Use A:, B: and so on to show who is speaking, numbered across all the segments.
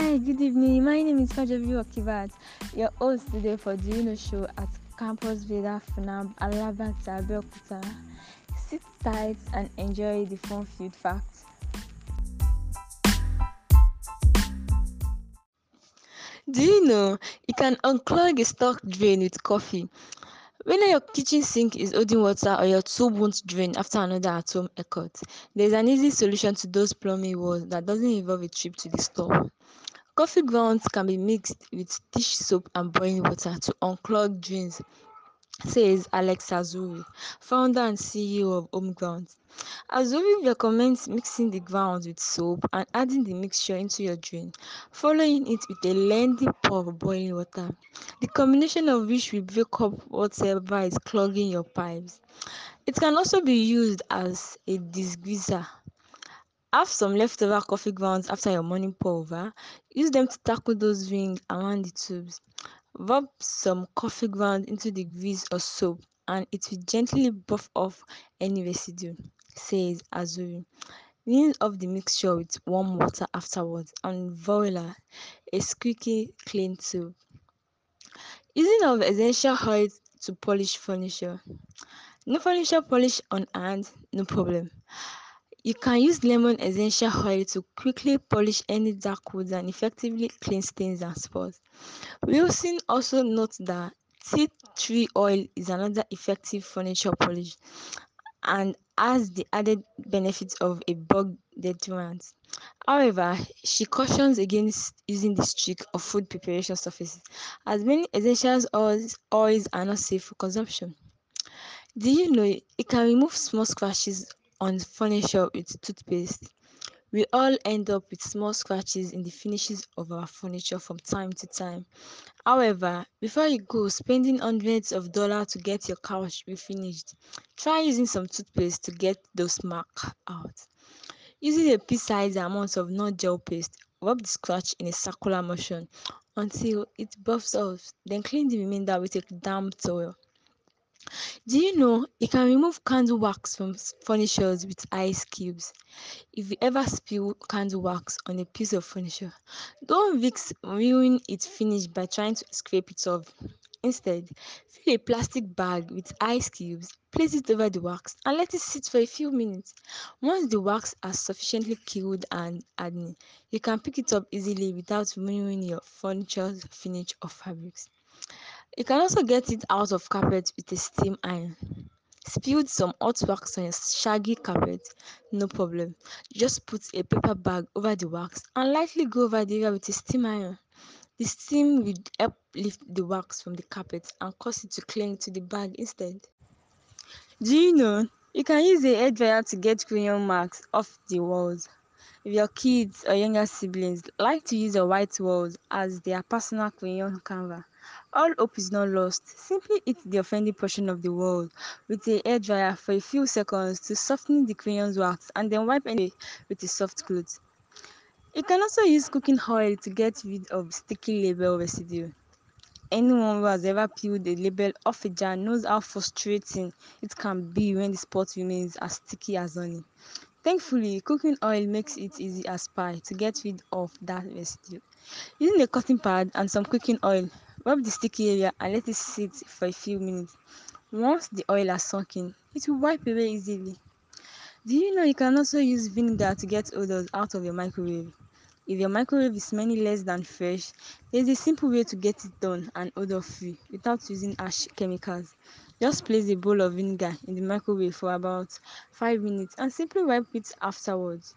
A: Hi, good evening. My name is Kajavi Okivat, your host today for the UNO show at Campus Veda Funab Alabata Belkuta. Sit tight and enjoy the fun field facts. Do you know you can unclog a stock drain with coffee? Whether your kitchen sink is holding water or your tube won't drain after another at home there's an easy solution to those plumbing woes that doesn't involve a trip to the store. Coffee grounds can be mixed with dish soap and boiling water to unclog drains, says Alex Azuri, founder and CEO of Home Grounds. Azuri recommends mixing the grounds with soap and adding the mixture into your drain, following it with a lengthy pour of boiling water, the combination of which will break up whatever is clogging your pipes. It can also be used as a disgreaser have some leftover coffee grounds after your morning pour over. Use them to tackle those rings around the tubes. Rub some coffee grounds into the grease or soap and it will gently buff off any residue, says Azuri. Rinse off the mixture with warm water afterwards and voila, a squeaky clean tube. Using of essential oils to polish furniture. No furniture polish on hand, no problem. You can use lemon essential oil to quickly polish any dark woods and effectively clean stains and spots. Wilson also notes that tea tree oil is another effective furniture polish and has the added benefits of a bug deterrent. However, she cautions against using this trick of food preparation surfaces, as many essential oils, oils are not safe for consumption. Do you know it can remove small scratches on furniture with toothpaste. We all end up with small scratches in the finishes of our furniture from time to time. However, before you go spending hundreds of dollars to get your couch refinished, try using some toothpaste to get those marks out. Using a pea-sized amount of non-gel paste, rub the scratch in a circular motion until it buffs off, then clean the remainder with a damp towel. Do you know you can remove candle wax from furnitures with ice cubes? If you ever spill candle wax on a piece of furniture, don't risk ruining its finish by trying to scrape it off. Instead, fill a plastic bag with ice cubes, place it over the wax, and let it sit for a few minutes. Once the wax has sufficiently cooled and hardened, you can pick it up easily without ruining your furniture's finish or fabrics. You can also get it out of carpet with a steam iron. Spilled some hot wax on a shaggy carpet, no problem. Just put a paper bag over the wax and lightly go over the area with a steam iron. The steam will help lift the wax from the carpet and cause it to cling to the bag instead. Do you know you can use a hair dryer to get crayon marks off the walls? If your kids or younger siblings like to use the white walls as their personal crayon canvas, all hope is not lost. Simply heat the offending portion of the wall with a air dryer for a few seconds to soften the crayon's wax and then wipe it with a soft cloth. You can also use cooking oil to get rid of sticky label residue. Anyone who has ever peeled the label off a jar knows how frustrating it can be when the spot remains as sticky as honey. Thankfully, cooking oil makes it easy as pie to get rid of that residue. Using a cotton pad and some cooking oil, Rub the sticky area and let it sit for a few minutes. Once the oil has sunk in, it will wipe away easily. Do you know you can also use vinegar to get odors out of your microwave? If your microwave is many less than fresh, there's a simple way to get it done and odor free without using harsh chemicals. Just place a bowl of vinegar in the microwave for about 5 minutes and simply wipe it afterwards.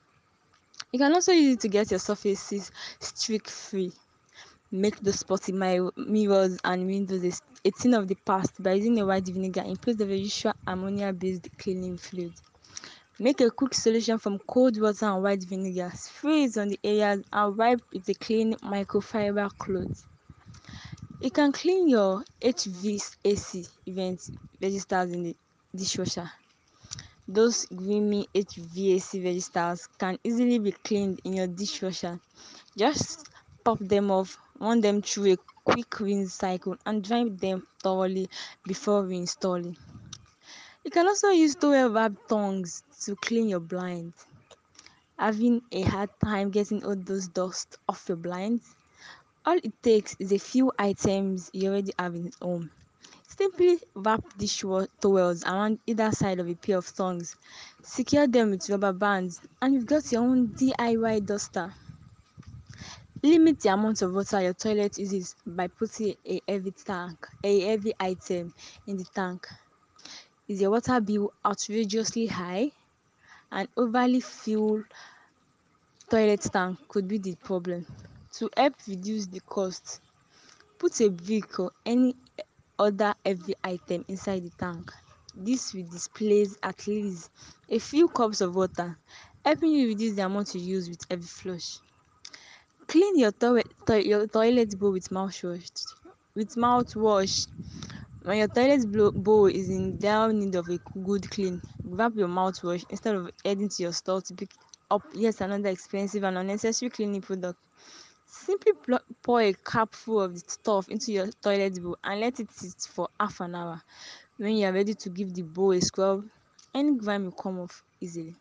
A: You can also use it to get your surfaces streak free make the spots in my mirrors and windows a thing of the past by using a white vinegar in place of a usual ammonia-based cleaning fluid. Make a quick solution from cold water and white vinegar. Freeze on the areas and wipe with a clean microfiber cloth. You can clean your HVAC event registers in the dishwasher. Those grimy HVAC registers can easily be cleaned in your dishwasher. Just pop them off run them through a quick rinse cycle and dry them thoroughly before reinstalling. You can also use towel wrap tongs to clean your blind. Having a hard time getting all those dust off your blinds? All it takes is a few items you already have in home. Simply wrap dish towels around either side of a pair of tongs, secure them with rubber bands, and you've got your own DIY duster. Limit the amount of water your toilet uses by putting a heavy tank, a heavy item in the tank. Is your water bill outrageously high? An overly filled toilet tank could be the problem. To help reduce the cost, put a brick or any other heavy item inside the tank. This will displace at least a few cups of water, helping you reduce the amount you use with every flush clean your toilet to- your toilet bowl with mouthwash with mouthwash when your toilet bowl is in dire need of a good clean grab your mouthwash instead of heading to your store to pick up yet another expensive and unnecessary cleaning product simply pl- pour a cup full of the stuff into your toilet bowl and let it sit for half an hour when you are ready to give the bowl a scrub any grime will come off easily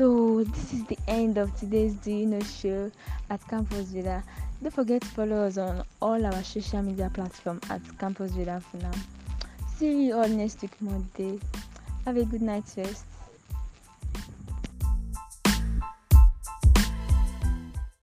A: So this is the end of today's Do You Know show at Campus Villa. Don't forget to follow us on all our social media platforms at Campus Villa for now. See you all next week Monday. Have a good night first.